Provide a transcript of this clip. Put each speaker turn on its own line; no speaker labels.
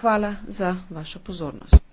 Hvala za vašo pozornost.